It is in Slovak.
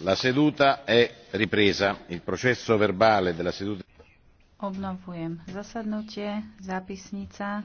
La seduta è ripresa. Il processo verbale della seduta. Obnovujem zasadnutie,